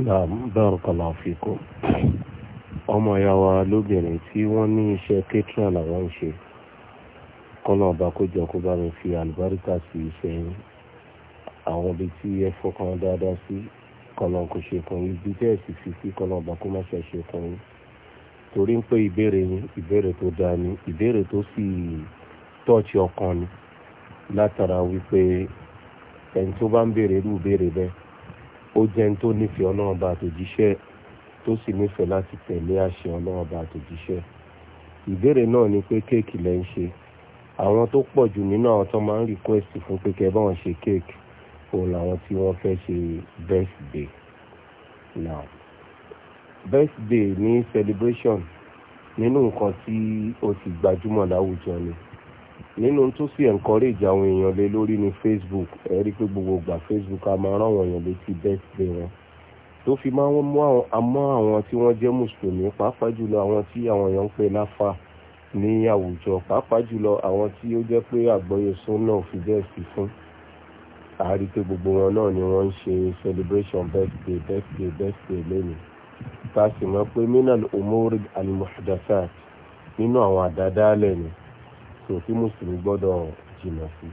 Naam, barakallahu fikum. ọmọ ìyá wa lóbìnrin tí wọ́n ní iṣẹ́ kétra làwọn ń ṣe kọ́nà ọba kójọ kó bá mi fi àlùbáríkà sí iṣẹ́ yín àwọn ibi tí ẹ fọkàn dáadáa sí kọ́nà kò ṣe fún yín ibi tí ẹ sì fi sí kọ́nà ọba ṣe fún yín torí ń pé ìbéèrè yín ìbéèrè tó dáa ni ìbéèrè tó sì tọ́ọ̀tì ọkàn ni látara wípé ẹni tó bá ń béèrè ó jẹ́ ní tó nífẹ̀ẹ́ ọlọ́run bá àtòjíṣẹ́ tó sì nífẹ̀ẹ́ láti tẹ̀lé àṣẹ ọlọ́run bá àtòjíṣẹ́. ìbéèrè náà ni pé kéèkì lẹ́ ń ṣe àwọn tó pọ̀ jù nínú àwọn tó máa ń request fún pé kẹ́ báwọn ṣe kéèkì òun làwọn tí wọ́n fẹ́ ṣe birthday now birthday ní celebration nínú nǹkan tí ó ti gbajúmọ̀ láwùjọ ni nínú tó sì encourage àwọn èèyàn lé lórí ní facebook ẹ rí pé gbogbo ìgbà facebook a máa rán àwọn èèyàn létí birthday wọn tó fi máa ń mú àmọ́ àwọn tí wọ́n jẹ́ mùsùlùmí pàápàá jùlọ àwọn tí àwọn èèyàn ń pè láfa ní àwùjọ pàápàá jùlọ àwọn tí ó jẹ́ pé àgbọ́yé sunna ò fi bẹ́ẹ̀ sí fún a rí pé gbogbo wọn náà ni wọ́n ń ṣe celebration birthday birthday birthday lẹ́nu tá a sì mọ̀ pé minal umuri al-muhdathat nínú àwọn àdádálẹ̀ ni ẹ̀sìn tí mùsùlùmí gbọ́dọ̀ jìnnà sí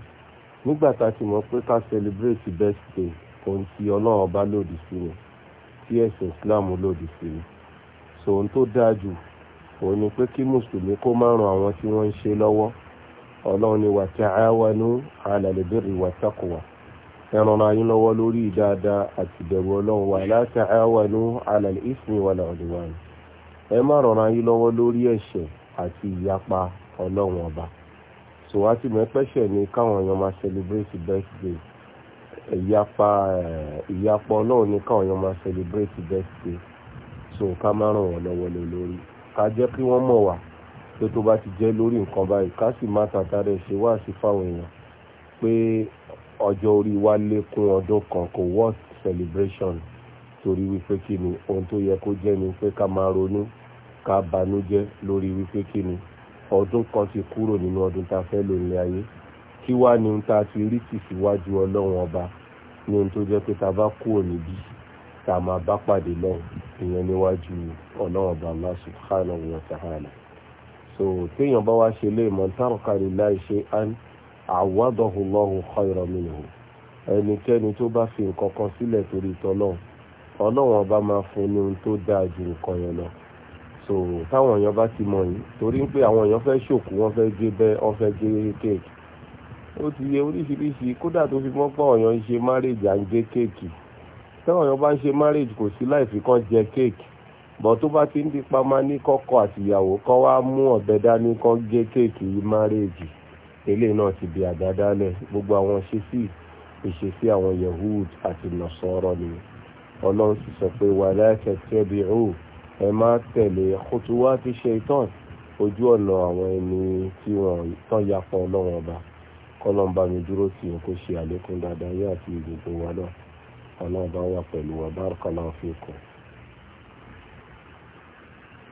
nígbà tá a ti mọ̀ pé ká celebrate birthday ohun tí ọlọ́run ọba lòdì sí ni tí ẹ̀sìn Islam lòdì sí ni so ohun tó dáa jù òun ni pé kí mùsùlùmí kó má ran àwọn tí wọ́n ń ṣe lọ́wọ́ ọlọ́run ni wa ta'awanu 'ala al-birri wat-taqwa ẹran ayé lọ́wọ́ lórí dáadáa àti ìbẹ̀rù ọlọ́run wa la ta'awanu 'ala al-ithmi wal-'udwan ẹ má ran ayé lọ́wọ́ lórí ẹ̀ṣẹ̀ àti ìyapa ọlọ́run ọba so wá sí mọ̀ pẹ́sẹ̀ ni káwọn èèyàn máa celebrate birthday ìyapa eh, ìyapa ọlọ́run ni káwọn èèyàn máa celebrate birthday so ká má ràn wọ́n lọ́wọ́ lé lórí ká jẹ́ kí wọ́n mọ̀ wá pé tó bá ti jẹ́ lórí nǹkan báyìí ká sì má tàtà rẹ̀ ṣe wá sí fáwọn èèyàn pé ọjọ́ orí wa lékún ọdún kan kò worth celebration torí wípé kí ni ohun tó yẹ kó jẹ́ ni pé ká máa ronú ká banújẹ́ lórí wípé kí ni ọdún kan ti kúrò nínú ọdún tá a fẹ́ lò ní ayé kí wá ní ohun tá a ti rí tì síwájú ọlọ́run ọba ní ohun tó jẹ́ pé tá a bá kúrò níbí tá a máa bá pàdé lọ́hùn ìyẹn níwájú ọlọ́run ọba Allah subhanahu wa ta'ala so téèyàn bá wá ṣe lé mọ̀ntàrọ̀kà lillahi shay'an àwádọ́hùn lọ́hùn khayran minhu ẹnikẹ́ni tó bá fi nǹkan kan sílẹ̀ torí tọ́lọ́hùn ọlọ́run ọba máa fún ní ohun tó dáa ju nǹkan yẹn lọ so táwọn èèyàn bá ti mọ̀ yìí torí pé àwọn èèyàn fẹ́ ṣòkú wọ́n fẹ́ gé bẹ́ẹ̀ wọ́n fẹ́ gé kéèkì ó ti yẹ oríṣiríṣi kódà tó fi mọ́pọ́ ọ̀yàn ń ṣe márèjì à ń gé kéèkì táwọn èèyàn bá ń ṣe márèjì kò sí láì fi kàn jẹ kéèkì bọ̀ tó bá ti ń di pamá ní kọ́kọ́ àtìyàwó kọ́ wá mú ọ̀bẹ dání kọ́ gé kéèkì márèjì eléyìí náà ti di àdádálẹ̀ gbogbo àwọn ṣesí ìṣesí àwọn yahud àti nasọ́rọ̀ ni ọlọ́run sì sọ pé wàlẹ́ kẹ̀kẹ́ bíi ẹ má tẹ̀lé kótówá ti ṣe ìtàn ojú ọ̀nà àwọn ẹni tí wọ́n tán ya pọ̀ ọlọ́run ọba kọ́lọ́n bá mi dúró tì kó ṣe àlékún dáadáa yé àti ìgbogbo wa náà ọlọ́run bá wà pẹ̀lú wa barakallahu fikum.